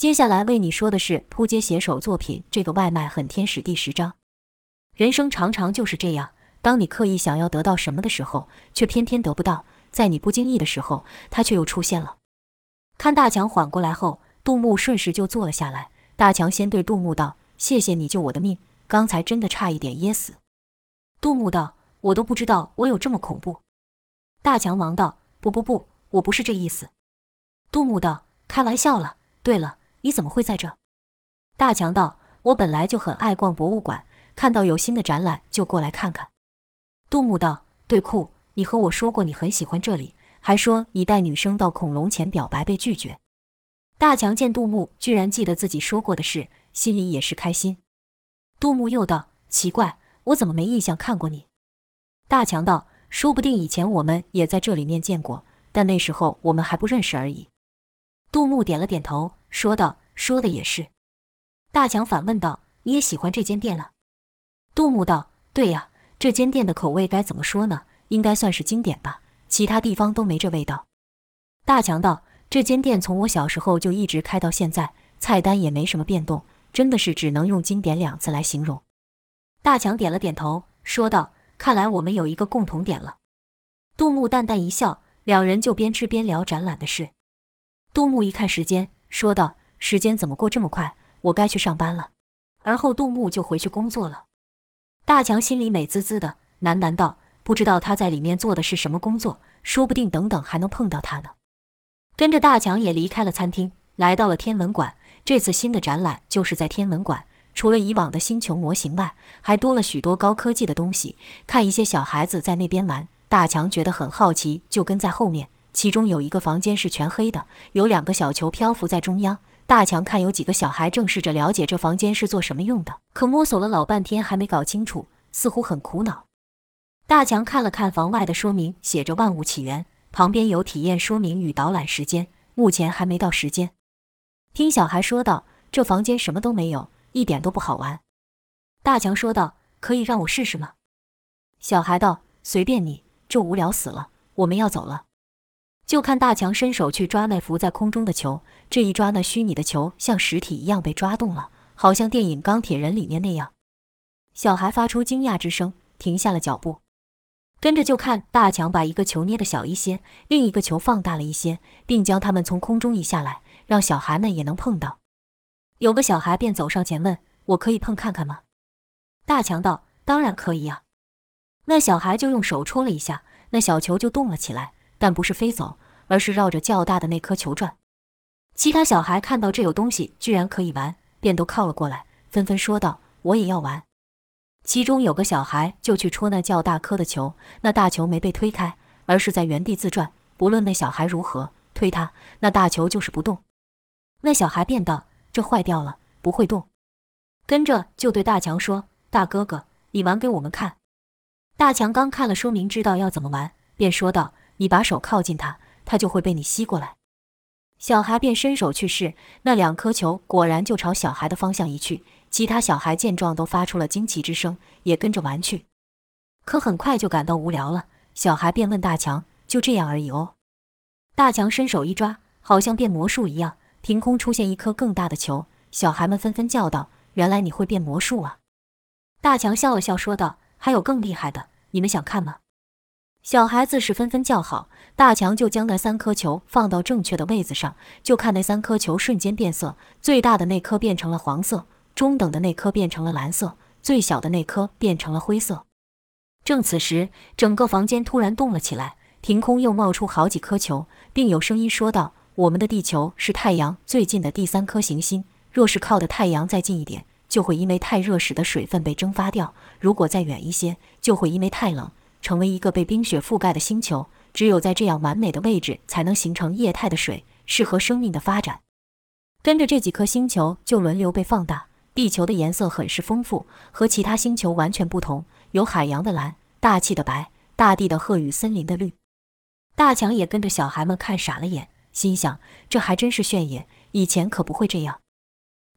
接下來為你說的是撲街寫手作品《這個外賣很天使》第十章。人生常常就是這樣，當你刻意想要得到什麼的時候，卻偏偏得不到；在你不經意的時候，它卻又出現了。看大強緩過來後，杜牧順勢就坐了下來。大強先對杜牧道：“謝謝你救我的命，剛才真的差一點噎死。”杜牧道：“我都不知道我有這麼恐怖。”大強忙道：“不不不，我不是這意思。”杜牧道：“開玩笑了。對了。”你怎麼會在這？大強道：“我本來就很愛逛博物館，看到有新的展覽就過來看看。”杜牧道：“對酷，你和我說過你很喜歡這裡，還說你帶女生到恐龍前表白被拒絕。”大強見杜牧居然記得自己說過的事，心裡也是開心。杜牧又道：“奇怪，我怎麼沒印象看過你？”大強道：“說不定以前我們也在這裡面見過，但那時候我們還不認識而已。”杜牧點了點頭。說道：“說的也是。”大強反問道：“你也喜歡這間店了？”杜牧道：“對呀，這間店的口味該怎麼說呢？應該算是經典吧，其他地方都沒這味道。”大強道：“這間店從我小時候就一直開到現在，菜單也沒什麼變動，真的是只能用‘經典’兩字來形容。”大強點了點頭，說道：“看來我們有一個共同點了。”杜牧淡淡一笑，兩人就邊吃邊聊展覽的事。杜牧一看時間。說道：“時間怎麼過這麼快？我該去上班了。”而後杜牧就回去工作了。大強心裡美滋滋的，喃喃道：“不知道他在裡面做的是什麼工作，說不定等等還能碰到他呢。”跟着大強也離開了餐廳，來到了天文館。這次新的展覽就是在天文館，除了以往的星球模型外，還多了許多高科技的東西。看一些小孩子在那邊玩，大強覺得很好奇，就跟在後面。其中有一個房間是全黑的，有兩個小球漂浮在中央。大強看有幾個小孩正試着了解這房間是做什麼用的，可摸索了老半天還沒搞清楚，似乎很苦惱。大強看了看房外的說明，寫着“萬物起源”，旁邊有體驗說明與導覽時間，目前還沒到時間。聽小孩說道：“這房間什麼都沒有，一點都不好玩。”大強說道：“可以讓我試試嗎？”小孩道：“隨便你，這無聊死了，我們要走了。”就看大強伸手去抓那浮在空中的球，這一抓，那虛擬的球像實體一樣被抓動了，好像電影《鋼鐵人》裡面那樣。小孩發出驚訝之聲，停下了腳步。跟着就看大強把一個球捏得小一些，另一個球放大了一些，並將它們從空中移下來，讓小孩們也能碰到。有個小孩便走上前問：“我可以碰看看嗎？”大強道：“當然可以呀。”那小孩就用手戳了一下，那小球就動了起來。但不是飛走，而是繞着較大的那顆球轉。其他小孩看到這有東西居然可以玩，便都靠了過來，紛紛說道：“我也要玩。”其中有個小孩就去戳那較大顆的球，那大球沒被推開，而是在原地自轉。不論那小孩如何推它，那大球就是不動。那小孩便道：“這壞掉了，不會動。”跟着就對大強說：“大哥哥，你玩給我們看。”大強剛看了說明，知道要怎麼玩，便說道：你把手靠近它，它就會被你吸過來。小孩便伸手去試，那兩顆球果然就朝小孩的方向移去。其他小孩見狀都發出了驚奇之聲，也跟着玩去。可很快就感到無聊了，小孩便問大強：“就這樣而已哦？”大強伸手一抓，好像變魔術一樣，憑空出現一顆更大的球。小孩們紛紛叫道：“原來你會變魔術啊！”大強笑了笑，說道：“還有更厲害的，你們想看嗎？”小孩子是紛紛叫好，大強就將那三顆球放到正確的位置上，就看那三顆球瞬間變色，最大的那顆變成了黃色，中等的那顆變成了藍色，最小的那顆變成了灰色。正此時，整個房間突然動了起來，憑空又冒出好幾顆球，並有聲音說道：“我們的地球是太陽最近的第三顆行星，若是靠得太陽再近一點，就會因為太熱使得水分被蒸發掉；如果再遠一些，就會因為太冷。”成為一個被冰雪覆蓋的星球，只有在這樣完美的位置，才能形成液態的水，適合生命的發展。跟着這幾顆星球就輪流被放大，地球的顏色很是豐富，和其他星球完全不同，有海洋的藍、大氣的白、大地的褐與森林的綠。大強也跟着小孩們看傻了眼，心想這還真是炫眼，以前可不會這樣。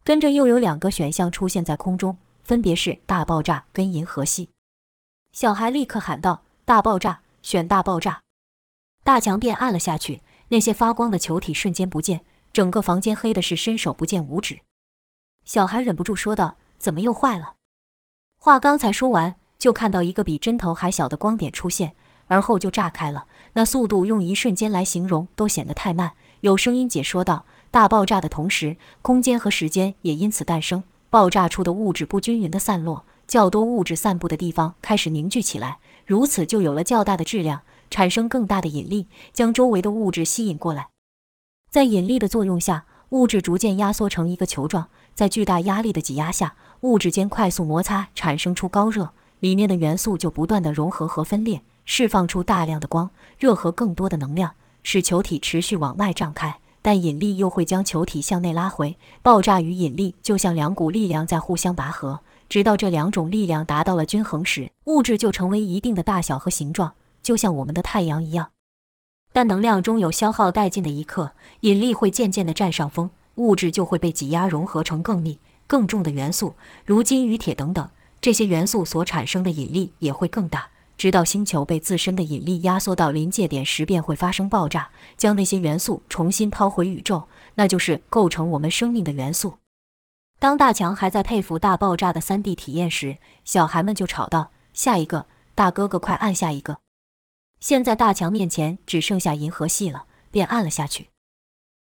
跟着又有兩個選項出現在空中，分別是大爆炸跟銀河系。小孩立刻喊道：“大爆炸，選大爆炸！”大強便按了下去，那些發光的球體瞬間不見，整個房間黑的是伸手不見五指。小孩忍不住說道：“怎麼又壞了？”話剛才說完，就看到一個比針頭還小的光點出現，而後就炸開了。那速度用一瞬間來形容都顯得太慢。有聲音解說道：“大爆炸的同時，空間和時間也因此誕生。爆炸出的物質不均勻地散落。”較多物質散布的地方開始凝聚起來，如此就有了較大的質量，產生更大的引力，將周圍的物質吸引過來。在引力的作用下，物質逐漸壓縮成一個球狀，在巨大壓力的擠壓下，物質間快速摩擦產生出高熱，裡面的元素就不斷地融合和分裂，釋放出大量的光、熱和更多的能量，使球體持續往外脹開。但引力又會將球體向內拉回，爆炸與引力就像兩股力量在互相拔河。直到這兩種力量達到了均衡時，物質就成為一定的大小和形狀，就像我們的太陽一樣。但能量終有消耗殆盡的一刻，引力會漸漸地占上風，物質就會被擠壓融合成更密、更重的元素，如金與鐵等等。這些元素所產生的引力也會更大，直到星球被自身的引力壓縮到臨界點時，便會發生爆炸，將那些元素重新拋回宇宙，那就是構成我們生命的元素。當大強還在佩服大爆炸的三 D 體驗時，小孩們就吵到下一個大哥哥，快按下一個！現在大強面前只剩下銀河系了，便按了下去。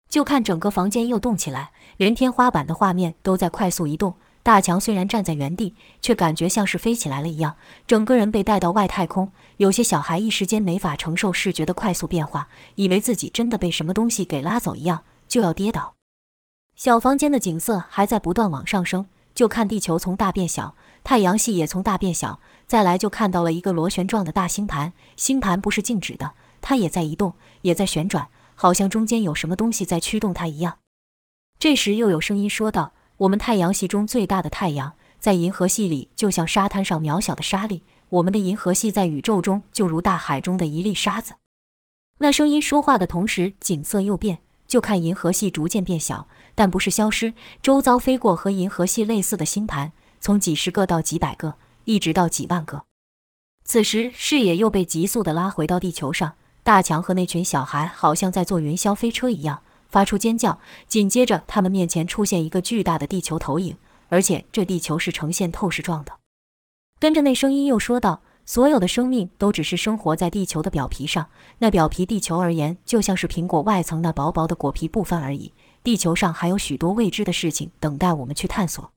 就看整個房間又動起來，連天花板的畫面都在快速移動。大強雖然站在原地，卻感覺像是飛起來了一樣，整個人被帶到外太空。有些小孩一時間沒法承受視覺的快速變化，以為自己真的被什麼東西給拉走一樣，就要跌倒。小房間的景色還在不斷往上升，就看地球從大變小，太陽系也從大變小。再來就看到了一個螺旋狀的大星盤，星盤不是靜止的，它也在移動，也在旋轉，好像中間有什麼東西在驅動它一樣。這時又有聲音說道：“我們太陽系中最大的太陽，在銀河系裡就像沙灘上渺小的沙粒，我們的銀河系在宇宙中就如大海中的一粒沙子。”那聲音說話的同時，景色又變。就看銀河系逐漸變小，但不是消失。周遭飛過和銀河系類似的星盤，從幾十個到幾百個，一直到幾萬個。此時視野又被急速地拉回到地球上，大強和那群小孩好像在坐雲霄飛車一樣，發出尖叫。緊接着，他們面前出現一個巨大的地球投影，而且這地球是呈現透視狀的。跟着那聲音又說道。所有的生命都只是生活在地球的表皮上，那表皮地球而言，就像是蘋果外層那薄薄的果皮部分而已。地球上還有許多未知的事情等待我們去探索。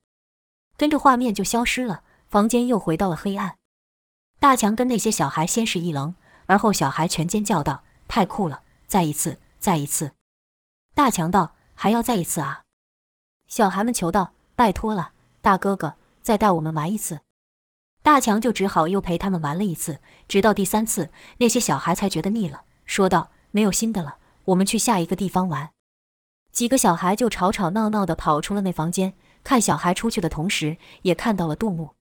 跟着畫面就消失了，房間又回到了黑暗。大強跟那些小孩先是一愣，而後小孩全尖叫道：“太酷了！再一次，再一次！”大強道：“還要再一次啊？”小孩們求道：“拜托了，大哥哥，再帶我們玩一次。”大強就只好又陪他們玩了一次，直到第三次，那些小孩才覺得膩了，說道：“沒有新的了，我們去下一個地方玩。”幾個小孩就吵吵鬧鬧地跑出了那房間。看小孩出去的同時，也看到了杜牧。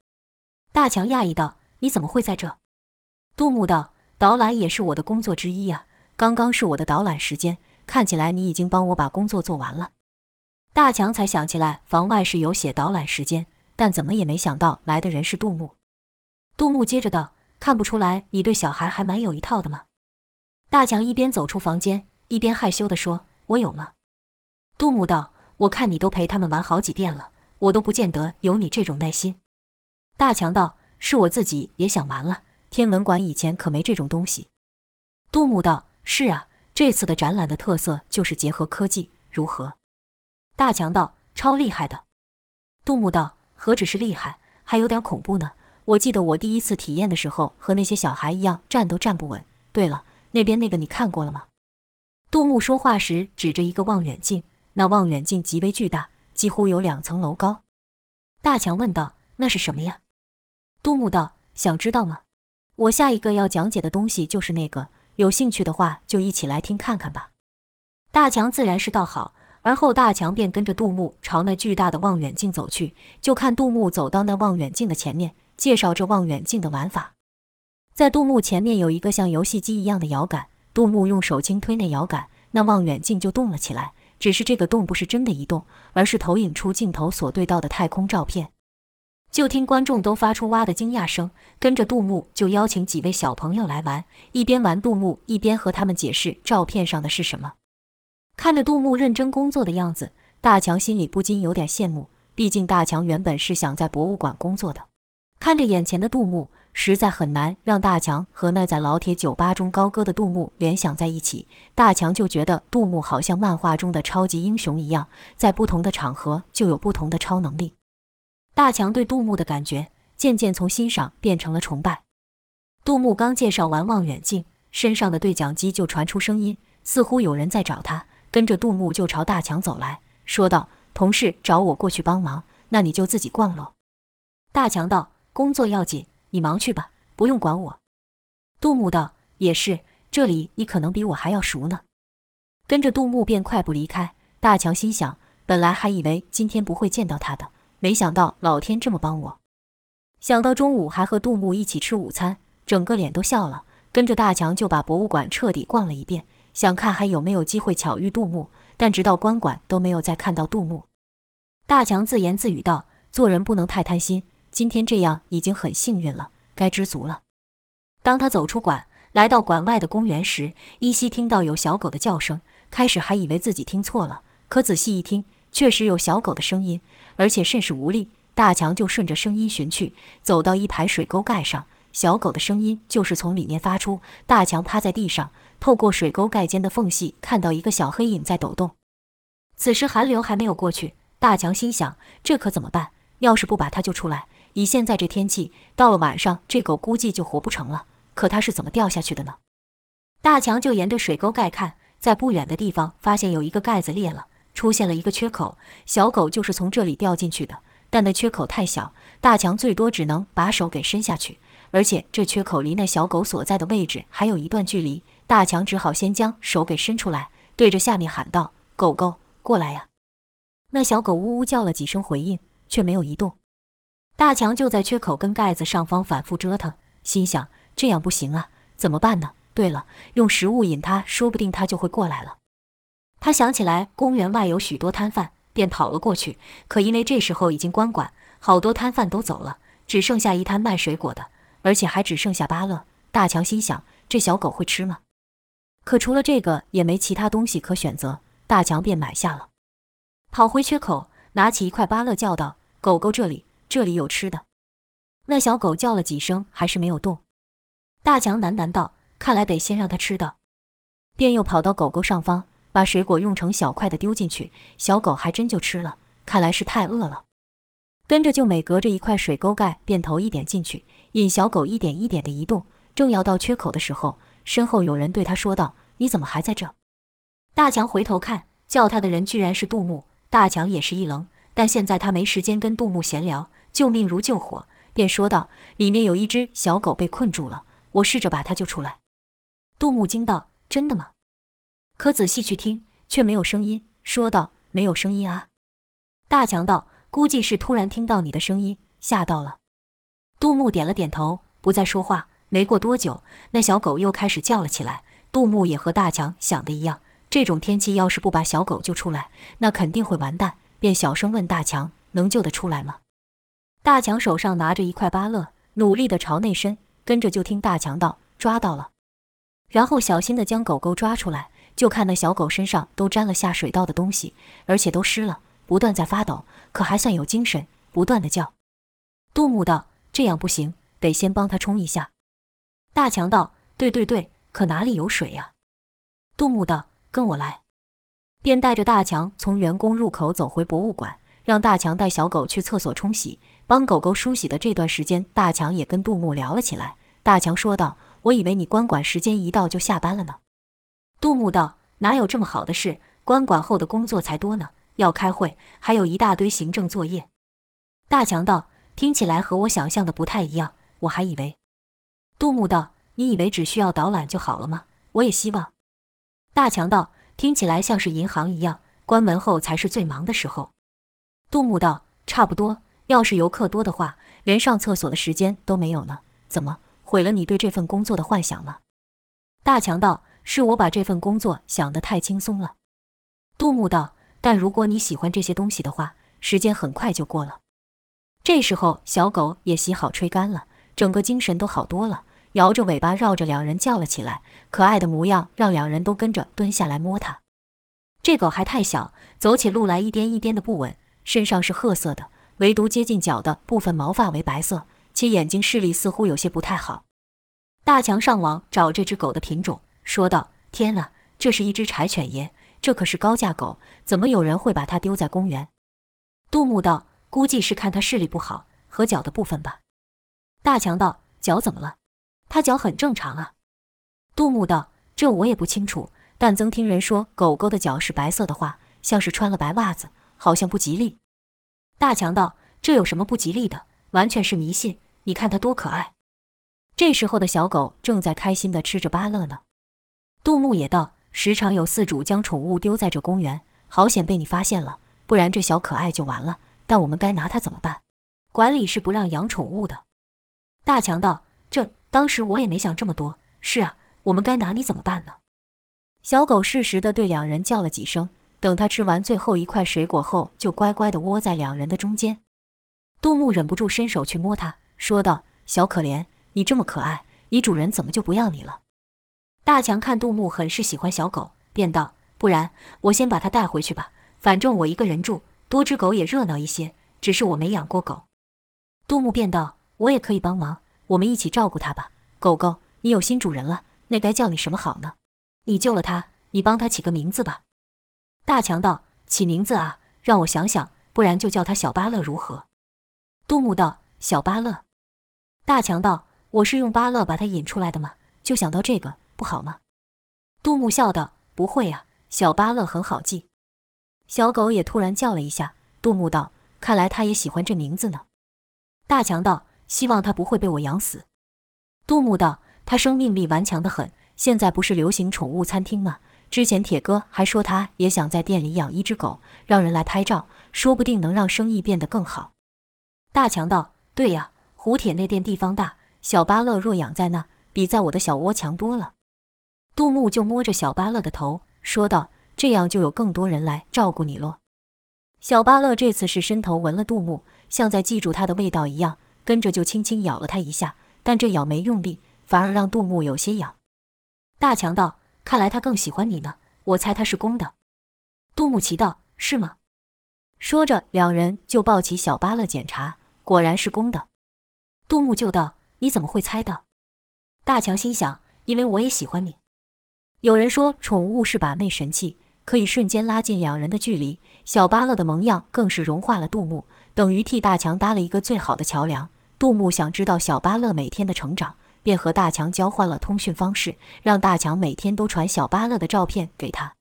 大強訝異道：“你怎麼會在這？”杜牧道：“導覽也是我的工作之一呀、啊，剛剛是我的導覽時間。看起來你已經幫我把工作做完了。”大強才想起來房外是有寫導覽時間，但怎麼也沒想到來的人是杜牧。杜牧接着道：“看不出來，你對小孩還蠻有一套的嗎？”大強一邊走出房間，一邊害羞地說：“我有嗎？”杜牧道：“我看你都陪他們玩好幾遍了，我都不見得有你這種耐心。”大強道：“是我自己也想玩了。天文館以前可沒這種東西。”杜牧道：“是啊，這次的展覽的特色就是結合科技，如何？”大強道：“超厲害的。”杜牧道：“何止是厲害，還有點恐怖呢。”我記得我第一次體驗的時候，和那些小孩一樣，站都站不穩。對了，那邊那個你看過了嗎？杜牧說話時指着一個望遠鏡，那望遠鏡極為巨大，幾乎有兩層樓高。大強問道：“那是什麼呀？”杜牧道：“想知道嗎？我下一個要講解的東西就是那個，有興趣的話就一起來聽看看吧。”大強自然是道好，而後大強便跟着杜牧朝那巨大的望遠鏡走去，就看杜牧走到那望遠鏡的前面。介紹著望遠鏡的玩法，在杜牧前面有一個像遊戲機一樣的搖桿，杜牧用手輕推那搖桿，那望遠鏡就動了起來。只是這個動不是真的移動，而是投影出鏡頭所對到的太空照片。就聽觀眾都發出“哇”的驚訝聲，跟着杜牧就邀請幾位小朋友來玩，一邊玩杜牧一邊和他們解釋照片上的是什麼。看着杜牧認真工作的樣子，大強心裡不禁有點羨慕，畢竟大強原本是想在博物館工作的。看着眼前的杜牧，實在很難讓大強和那在老鐵酒吧中高歌的杜牧聯想在一起。大強就覺得杜牧好像漫畫中的超級英雄一樣，在不同的場合就有不同的超能力。大強對杜牧的感覺漸漸從欣賞變成了崇拜。杜牧剛介紹完望遠鏡，身上的對講機就傳出聲音，似乎有人在找他。跟着杜牧就朝大強走來說道：“同事找我過去幫忙，那你就自己逛嘍！”大強道：工作要緊，你忙去吧，不用管我。杜牧道：“也是，這裡你可能比我還要熟呢。”跟着杜牧便快步離開。大強心想，本來還以為今天不會見到他的，沒想到老天這麼幫我。想到中午還和杜牧一起吃午餐，整個臉都笑了。跟着大強就把博物館徹底逛了一遍，想看還有沒有機會巧遇杜牧，但直到關館都沒有再看到杜牧。大強自言自語道：“做人不能太貪心。”今天這樣已經很幸運了，該知足了。當他走出館，來到館外的公園時，依稀聽到有小狗的叫聲。開始還以為自己聽錯了，可仔細一聽，確實有小狗的聲音，而且甚是無力。大強就順着聲音尋去，走到一排水溝蓋上，小狗的聲音就是從裡面發出。大強趴在地上，透過水溝蓋間的縫隙，看到一個小黑影在抖動。此時寒流還沒有過去，大強心想：這可怎麼辦？要是不把他救出來。以現在這天氣，到了晚上，這狗估計就活不成了。可它是怎麼掉下去的呢？大強就沿着水溝蓋看，在不遠的地方發現有一個蓋子裂了，出現了一個缺口，小狗就是從這裡掉進去的。但那缺口太小，大強最多只能把手給伸下去，而且這缺口離那小狗所在的位置還有一段距離。大強只好先將手給伸出來，對着下面喊道：“狗狗，過來呀、啊！”那小狗嗚嗚叫了幾聲回應，卻沒有移動。大強就在缺口跟蓋子上方反覆折騰，心想這樣不行啊，怎麼辦呢？對了，用食物引它，說不定它就會過來了。他想起來公園外有許多攤販，便跑了過去。可因為這時候已經關館，好多攤販都走了，只剩下一攤賣水果的，而且還只剩下芭樂。大強心想，這小狗會吃嗎？可除了這個也沒其他東西可選擇，大強便買下了，跑回缺口，拿起一塊芭樂，叫道：“狗狗，這裡。”這裡有吃的，那小狗叫了幾聲，還是沒有動。大強喃喃道：“看來得先讓它吃的。”便又跑到狗狗上方，把水果用成小塊的丟進去，小狗還真就吃了，看來是太餓了。跟着就每隔着一塊水溝蓋，便投一點進去，引小狗一點一點的移動。正要到缺口的時候，身後有人對他說道：“你怎麼還在這？”大強回頭看，叫他的人居然是杜牧。大強也是一愣，但現在他沒時間跟杜牧閒聊。救命如救火，便說道：“裡面有一隻小狗被困住了，我試着把它救出來。”杜牧驚道：“真的嗎？”可仔細去聽，卻沒有聲音，說道：“沒有聲音啊。”大強道：“估計是突然聽到你的聲音，嚇到了。”杜牧點了點頭，不再說話。沒過多久，那小狗又開始叫了起來。杜牧也和大強想的一樣，這種天氣要是不把小狗救出來，那肯定會完蛋。便小聲問大強：“能救得出來嗎？”大強手上拿着一塊芭樂，努力地朝內伸，跟着就聽大強道：“抓到了！”然後小心地將狗狗抓出來，就看那小狗身上都沾了下水道的東西，而且都濕了，不斷在發抖，可還算有精神，不斷地叫。杜牧道：“這樣不行，得先幫它沖一下。”大強道：“對對對，可哪裡有水呀、啊？”杜牧道：“跟我來。”便帶着大強從員工入口走回博物館，讓大強帶小狗去廁所沖洗。幫狗狗梳洗的這段時間，大強也跟杜牧聊了起來。大強說道：“我以為你關館時間一到就下班了呢。”杜牧道：“哪有這麼好的事？關館後的工作才多呢，要開會，還有一大堆行政作業。”大強道：“聽起來和我想象的不太一樣，我還以為……”杜牧道：“你以為只需要導覽就好了嗎？我也希望。”大強道：“聽起來像是銀行一樣，關門後才是最忙的時候。”杜牧道：“差不多。”要是遊客多的話，連上廁所的時間都沒有了。怎麼毀了你對這份工作的幻想呢？大強道：“是我把這份工作想得太輕鬆了。”杜牧道：“但如果你喜歡這些東西的話，時間很快就過了。”這時候，小狗也洗好吹乾了，整個精神都好多了，搖着尾巴繞着兩人叫了起來，可愛的模樣讓兩人都跟着蹲下來摸它。這狗還太小，走起路來一顛一顛的不穩，身上是褐色的。唯獨接近腳的部分毛髮為白色，且眼睛視力似乎有些不太好。大強上網找這隻狗的品種，說道：“天哪，這是一隻柴犬耶！這可是高價狗，怎麼有人會把它丟在公園？”杜牧道：“估計是看它視力不好和腳的部分吧。”大強道：“腳怎麼了？它腳很正常啊。”杜牧道：“這我也不清楚，但曾聽人說，狗狗的腳是白色的話，像是穿了白襪子，好像不吉利。”大強道：“這有什麼不吉利的？完全是迷信。你看它多可愛！這時候的小狗正在開心地吃着芭樂呢。”杜牧也道：“時常有飼主將寵物丟在這公園，好險被你發現了，不然這小可愛就完了。但我們該拿它怎麼辦？管理是不讓養寵物的。”大強道：“這當時我也沒想這麼多。是啊，我們該拿你怎麼辦呢？”小狗適時地對兩人叫了幾聲。等他吃完最後一塊水果後，就乖乖地窩在兩人的中間。杜牧忍不住伸手去摸它，說道：“小可憐，你這麼可愛，你主人怎麼就不要你了？”大強看杜牧很是喜歡小狗，便道：“不然我先把它帶回去吧，反正我一個人住，多隻狗也熱鬧一些。只是我沒養過狗。”杜牧便道：“我也可以幫忙，我們一起照顧它吧。狗狗，你有新主人了，那該叫你什麼好呢？你救了它，你幫它起個名字吧。”大強道：“起名字啊，讓我想想，不然就叫他小芭樂如何？”杜牧道：“小芭樂。”大強道：“我是用芭樂把他引出來的嗎？就想到這個，不好嗎？”杜牧笑道：“不會呀、啊，小芭樂很好記。”小狗也突然叫了一下。杜牧道：“看來他也喜歡這名字呢。”大強道：“希望他不會被我養死。”杜牧道：“他生命力頑強得很，現在不是流行寵物餐廳嗎？”之前鐵哥還說他也想在店裡養一隻狗，讓人來拍照，說不定能讓生意變得更好。大強道：“對呀，胡鐵那店地方大，小巴樂若養在那，比在我的小窩強多了。”杜牧就摸着小巴樂的頭說道：“這樣就有更多人來照顧你嘍。”小巴樂這次是伸頭聞了杜牧，像在記住他的味道一樣，跟着就輕輕咬了他一下，但這咬沒用力，反而讓杜牧有些癢。大強道：看來他更喜歡你呢，我猜他是公的。杜牧奇道：“是嗎？”說着，兩人就抱起小巴樂檢查，果然是公的。杜牧就道：“你怎麼會猜到？”大強心想：“因為我也喜歡你。”有人說，寵物是把妹神器，可以瞬間拉近兩人的距離。小巴樂的萌樣更是融化了杜牧，等於替大強搭了一個最好的橋梁。杜牧想知道小巴樂每天的成長。便和大強交換了通訊方式，讓大強每天都傳小巴樂的照片給他。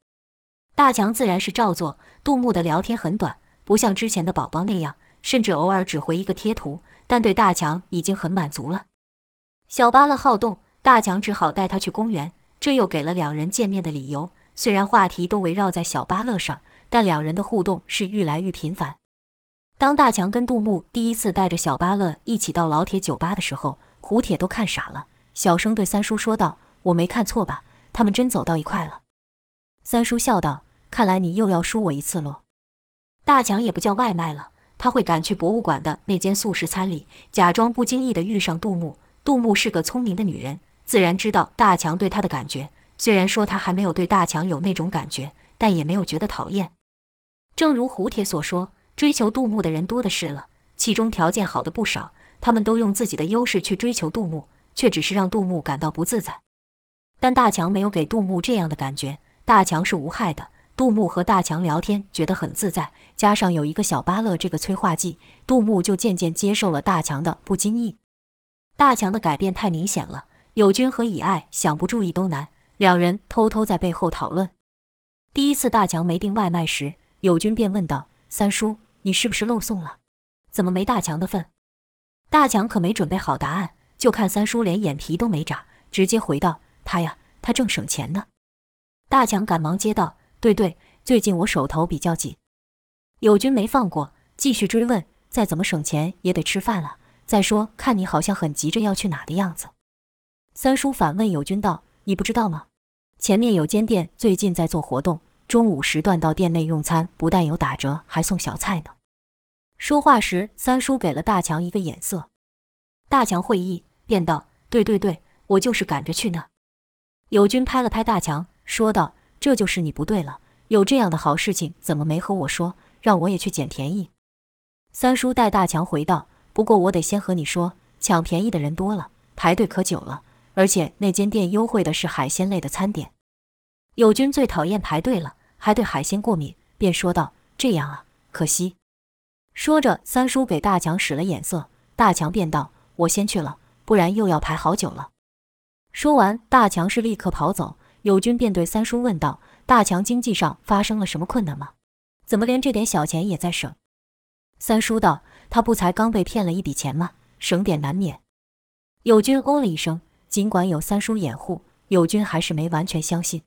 大強自然是照做。杜牧的聊天很短，不像之前的寶寶那樣，甚至偶爾只回一個貼圖，但對大強已經很滿足了。小巴樂好動，大強只好帶他去公園，這又給了兩人見面的理由。雖然話題都圍繞在小巴樂上，但兩人的互動是愈來愈頻繁。當大強跟杜牧第一次帶着小巴樂一起到老鐵酒吧的時候，胡鐵都看傻了，小聲對三叔說道：“我沒看錯吧？他們真走到一塊了。”三叔笑道：“看來你又要輸我一次嘍。”大強也不叫外賣了，他會趕去博物館的那間素食餐裡，假裝不經意地遇上杜牧。杜牧是個聰明的女人，自然知道大強對她的感覺。雖然說他還沒有對大強有那種感覺，但也沒有覺得討厭。正如胡鐵所說，追求杜牧的人多的是了，其中條件好的不少。他們都用自己的優勢去追求杜牧，卻只是讓杜牧感到不自在。但大強沒有給杜牧這樣的感覺，大強是無害的。杜牧和大強聊天，覺得很自在，加上有一個小巴樂這個催化劑，杜牧就漸漸接受了大強的不經意。大強的改變太明顯了，友軍和以愛想不注意都難。兩人偷偷在背後討論。第一次大強沒訂外賣時，友軍便問道：“三叔，你是不是漏送了？怎麼沒大強的份？”大強可沒準備好答案，就看三叔連眼皮都沒眨，直接回道：“他呀，他正省錢呢。”大強趕忙接道：“對對，最近我手頭比較緊。”友軍沒放過，繼續追問：“再怎麼省錢也得吃飯了。再說，看你好像很急着要去哪的樣子。”三叔反問友軍道：“你不知道嗎？前面有間店最近在做活動，中午時段到店內用餐不但有打折，還送小菜呢。”說話時，三叔給了大強一個眼色，大強會意，便道：“對對對，我就是趕着去呢。”友軍拍了拍大強，說道：“這就是你不對了，有這樣的好事情，怎麼沒和我說，讓我也去撿便宜？”三叔帶大強回道：“不過我得先和你說，搶便宜的人多了，排隊可久了，而且那間店優惠的是海鮮類的餐點。”友軍最討厭排隊了，還對海鮮過敏，便說道：“這樣啊，可惜。”說着，三叔給大強使了眼色，大強便道：“我先去了，不然又要排好久了。”說完，大強是立刻跑走。友軍便對三叔問道：“大強經濟上發生了什麼困難嗎？怎麼連這點小錢也在省？”三叔道：“他不才剛被騙了一筆錢嗎？省點難免。”友軍哦了一聲，儘管有三叔掩護，友軍還是沒完全相信。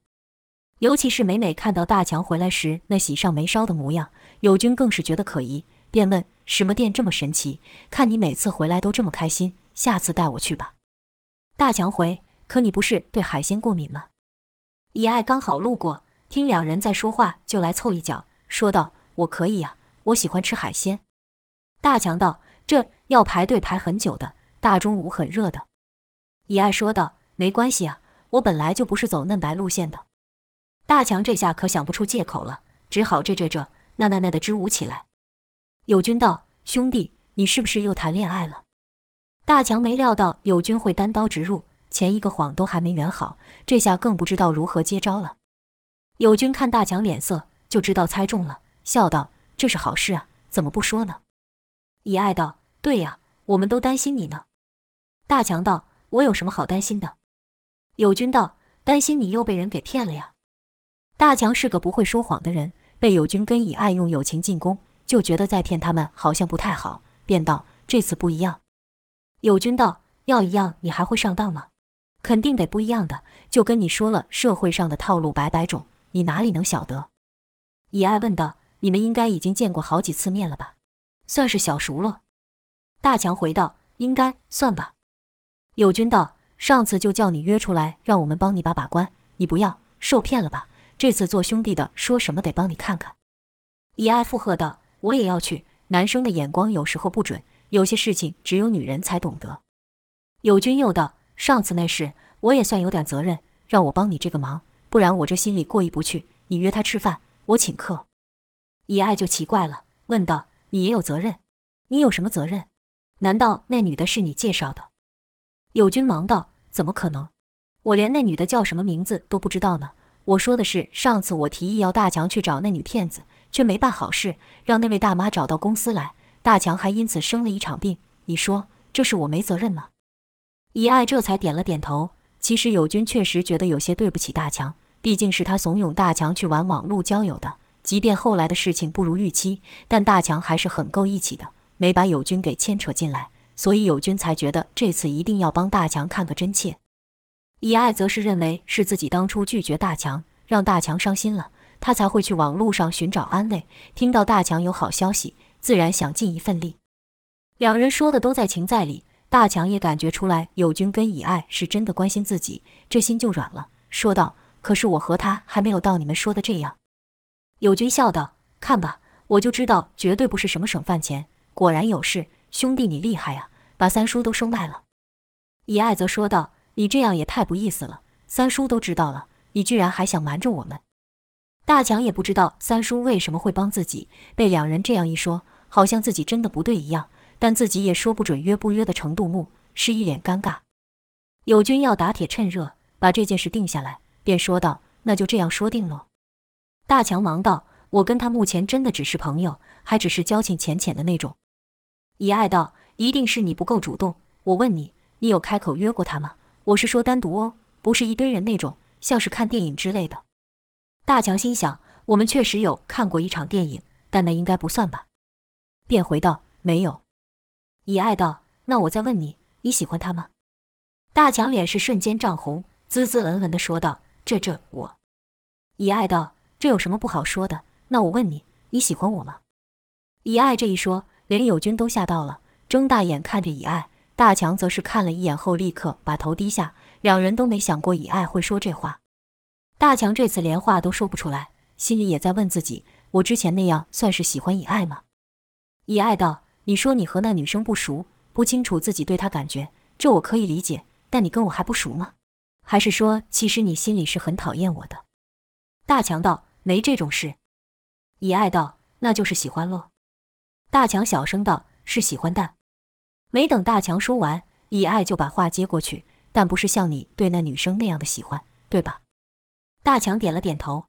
尤其是每每看到大強回來時那喜上眉梢的模樣，友軍更是覺得可疑。便問：“什麼店這麼神奇？看你每次回來都這麼開心，下次帶我去吧。”大強回：“可你不是對海鮮過敏嗎？”以愛剛好路過，聽兩人在說話，就來湊一腳，說道：“我可以呀、啊，我喜歡吃海鮮。”大強道：“這要排隊排很久的，大中午很熱的。”以愛說道：“沒關係啊，我本來就不是走嫩白路線的。”大強這下可想不出借口了，只好這這這那那那的支吾起來。友軍道：“兄弟，你是不是又談戀愛了？”大強沒料到友軍會單刀直入，前一個謊都還沒圓好，這下更不知道如何接招了。友軍看大強臉色，就知道猜中了，笑道：“這是好事啊，怎麼不說呢？”以愛道：“對呀，我們都擔心你呢。”大強道：“我有什麼好擔心的？”友軍道：“擔心你又被人給騙了呀。”大強是個不會說謊的人，被友軍跟以愛用友情進攻。就覺得再騙他們好像不太好，便道：“這次不一樣。”友軍道：“要一樣你還會上當嗎？肯定得不一樣的。就跟你說了，社會上的套路百百種，你哪裡能曉得？”以愛問道：“你們應該已經見過好幾次面了吧？算是小熟了。”大強回道：“應該算吧。”友軍道：“上次就叫你約出來，讓我們幫你把把關，你不要受騙了吧？這次做兄弟的說什麼得幫你看看。”以愛附和道。我也要去。男生的眼光有時候不準，有些事情只有女人才懂得。友軍又道：“上次那事，我也算有點責任，讓我幫你這個忙，不然我這心裡過意不去。你約他吃飯，我請客。”以愛就奇怪了，問道：“你也有責任？你有什麼責任？難道那女的是你介紹的？”友軍忙道：“怎麼可能？我連那女的叫什麼名字都不知道呢。我說的是，上次我提議要大強去找那女騙子。”卻沒辦好事，讓那位大媽找到公司來，大強還因此生了一場病。你說這是我沒責任嗎？以愛這才點了點頭。其實友軍確實覺得有些對不起大強，畢竟是他慫恿大強去玩網絡交友的。即便後來的事情不如預期，但大強還是很夠義氣的，沒把友軍給牽扯進來，所以友軍才覺得這次一定要幫大強看個真切。以愛則是認為是自己當初拒絕大強，讓大強傷心了。他才會去網絡上尋找安慰。聽到大強有好消息，自然想盡一份力。兩人說的都在情在理，大強也感覺出來，友軍跟以愛是真的關心自己，這心就軟了，說道：“可是我和他還沒有到你們說的這樣。”友軍笑道：“看吧，我就知道絕對不是什麼省飯錢。果然有事，兄弟你厲害啊，把三叔都收買了。”以愛則說道：“你這樣也太不義氣了，三叔都知道了，你居然還想瞞着我們。”大強也不知道三叔為什麼會幫自己，被兩人這樣一說，好像自己真的不對一樣，但自己也說不準約不約的程度目，木是一臉尷尬。友軍要打鐵趁熱，把這件事定下來，便說道：“那就這樣說定嘍。”大強忙道：“我跟他目前真的只是朋友，還只是交情淺淺的那種。”乙愛道：“一定是你不夠主動。我問你，你有開口約過他嗎？我是說單獨哦，不是一堆人那種，像是看電影之類的。”大強心想，我們確實有看過一場電影，但那應該不算吧，便回道：“沒有。”以愛道：“那我再問你，你喜歡他嗎？”大強臉是瞬間漲紅，支支吾吾的說道：“這這我。”以愛道：“這有什麼不好說的？那我問你，你喜歡我嗎？”以愛這一說，連友軍都嚇到了，睜大眼看着以愛。大強則是看了一眼後，立刻把頭低下。兩人都沒想過以愛會說這話。大強這次連話都說不出來，心裡也在問自己：我之前那樣算是喜歡以愛嗎？以愛道：你說你和那女生不熟，不清楚自己對她感覺，這我可以理解。但你跟我還不熟嗎？還是說，其實你心裡是很討厭我的？大強道：沒這種事。以愛道：那就是喜歡咯。大強小聲道：是喜歡，但沒等大強說完，以愛就把話接過去：但不是像你對那女生那樣的喜歡，對吧？大強點了點頭，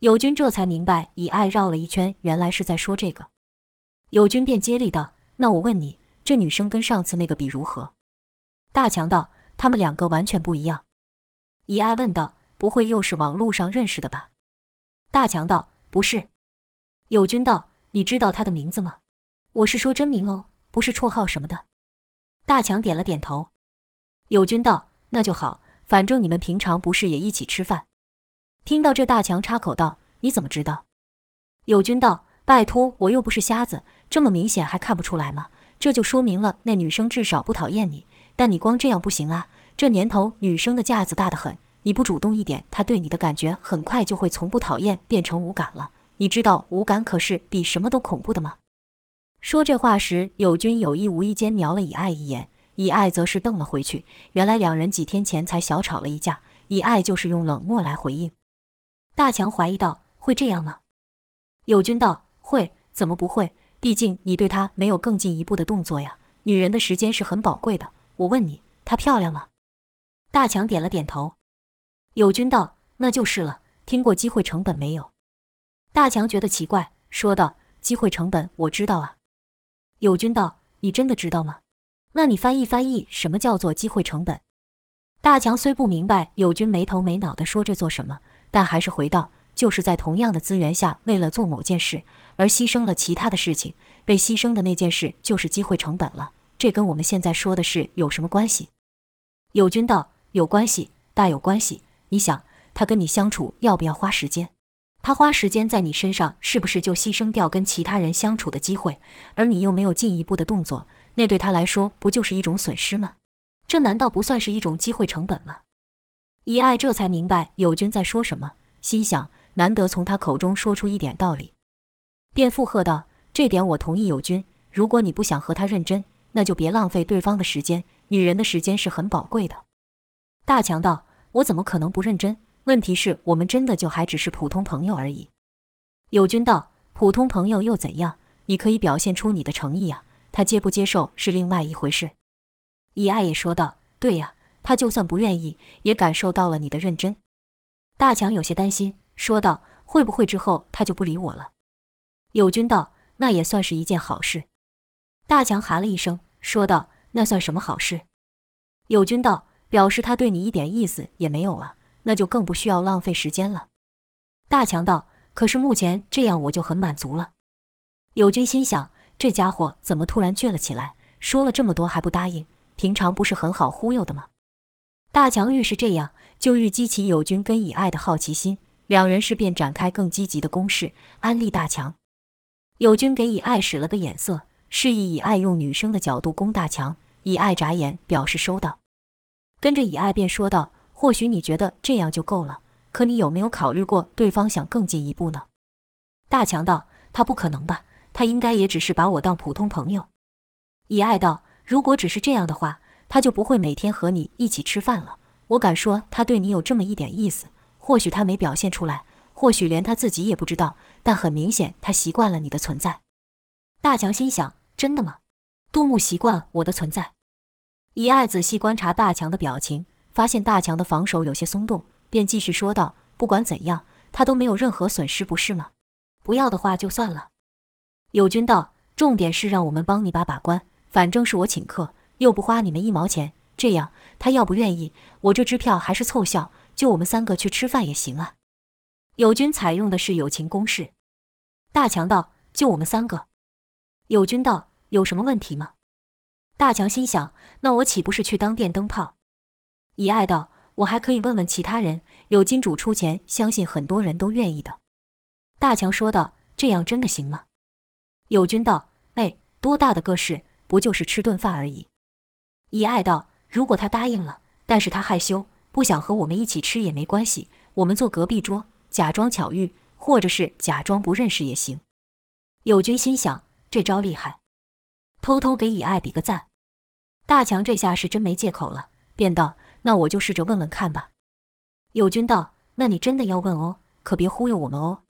友軍這才明白，以愛繞了一圈，原來是在說這個。友軍便接力道：“那我問你，這女生跟上次那個比如何？”大強道：“他們兩個完全不一樣。”以愛問道：“不會又是網絡上認識的吧？”大強道：“不是。”友軍道：“你知道她的名字嗎？我是說真名哦，不是綽號什麼的。”大強點了點頭。友軍道：“那就好，反正你們平常不是也一起吃飯？”聽到這，大強插口道：“你怎麼知道？”友軍道：“拜托，我又不是瞎子，這麼明顯還看不出來嗎？這就說明了那女生至少不討厭你。但你光這樣不行啊，這年頭女生的架子大得很，你不主動一點，她對你的感覺很快就會從不討厭變成無感了。你知道無感可是比什麼都恐怖的嗎？”說這話時，友軍有意無意間瞄了以愛一眼，以愛則是瞪了回去。原來兩人幾天前才小吵了一架，以愛就是用冷漠來回應。大強懷疑道：“會這樣嗎？”友軍道：“會，怎麼不會？畢竟你對她沒有更進一步的動作呀。女人的時間是很寶貴的。我問你，她漂亮嗎？”大強點了點頭。友軍道：“那就是了。聽過機會成本沒有？”大強覺得奇怪，說道：“機會成本，我知道啊。”友軍道：“你真的知道嗎？那你翻譯翻譯，什麼叫做機會成本？”大強雖不明白友軍沒頭沒腦的說這做什麼。但還是回到，就是在同樣的資源下，為了做某件事而犧牲了其他的事情，被犧牲的那件事就是機會成本了。這跟我們現在說的事有什麼關係？友軍道有關係，大有關係。你想，他跟你相處要不要花時間？他花時間在你身上，是不是就犧牲掉跟其他人相處的機會？而你又沒有進一步的動作，那對他來說不就是一種損失嗎？這難道不算是一種機會成本嗎？以愛這才明白友軍在說什麼，心想難得從他口中說出一點道理，便附和道：“這點我同意。”友軍，如果你不想和他認真，那就別浪費對方的時間。女人的時間是很寶貴的。大強道：“我怎麼可能不認真？問題是我們真的就還只是普通朋友而已。”友軍道：“普通朋友又怎樣？你可以表現出你的誠意啊，他接不接受是另外一回事。”以愛也說道：“對呀。”他就算不願意，也感受到了你的認真。大強有些擔心，說道：“會不會之後他就不理我了？”友軍道：“那也算是一件好事。”大強喊了一聲，說道：“那算什麼好事？”友軍道：“表示他對你一點意思也沒有了，那就更不需要浪費時間了。”大強道：“可是目前這樣我就很滿足了。”友軍心想：這家伙怎麼突然倔了起來？說了這麼多還不答應？平常不是很好忽悠的嗎？大強愈是這樣，就愈激起友軍跟以愛的好奇心。兩人是便展開更積極的攻勢。安利大強，友軍給以愛使了個眼色，示意以愛用女生的角度攻大強。以愛眨眼表示收到，跟着以愛便說道：“或許你覺得這樣就夠了，可你有沒有考慮過對方想更進一步呢？”大強道：“他不可能吧？他應該也只是把我當普通朋友。”以愛道：“如果只是這樣的話。”他就不會每天和你一起吃飯了。我敢說，他對你有這麼一點意思，或許他沒表現出來，或許連他自己也不知道。但很明顯，他習慣了你的存在。大強心想：真的嗎？杜牧習慣我的存在。一愛仔細觀察大強的表情，發現大強的防守有些鬆動，便繼續說道：不管怎樣，他都沒有任何損失，不是嗎？不要的話就算了。友軍道：重點是讓我們幫你把把關，反正是我請客。又不花你們一毛錢，這樣他要不願意，我這支票還是奏效。就我們三個去吃飯也行啊。友軍採用的是友情攻勢。大強道：“就我們三個。”友軍道：“有什麼問題嗎？”大強心想：“那我豈不是去當電燈泡？”以愛道：“我還可以問問其他人，有金主出錢，相信很多人都願意的。”大強說道：“這樣真的行嗎？”友軍道：“誒、哎，多大的個事，不就是吃頓飯而已。”以愛道：“如果他答應了，但是他害羞，不想和我們一起吃也沒關係，我們坐隔壁桌，假裝巧遇，或者是假裝不認識也行。”友軍心想：“這招厲害。”偷偷給以愛比個讚。大強這下是真沒借口了，便道：“那我就試着問問看吧。”友軍道：“那你真的要問哦，可別忽悠我們哦。”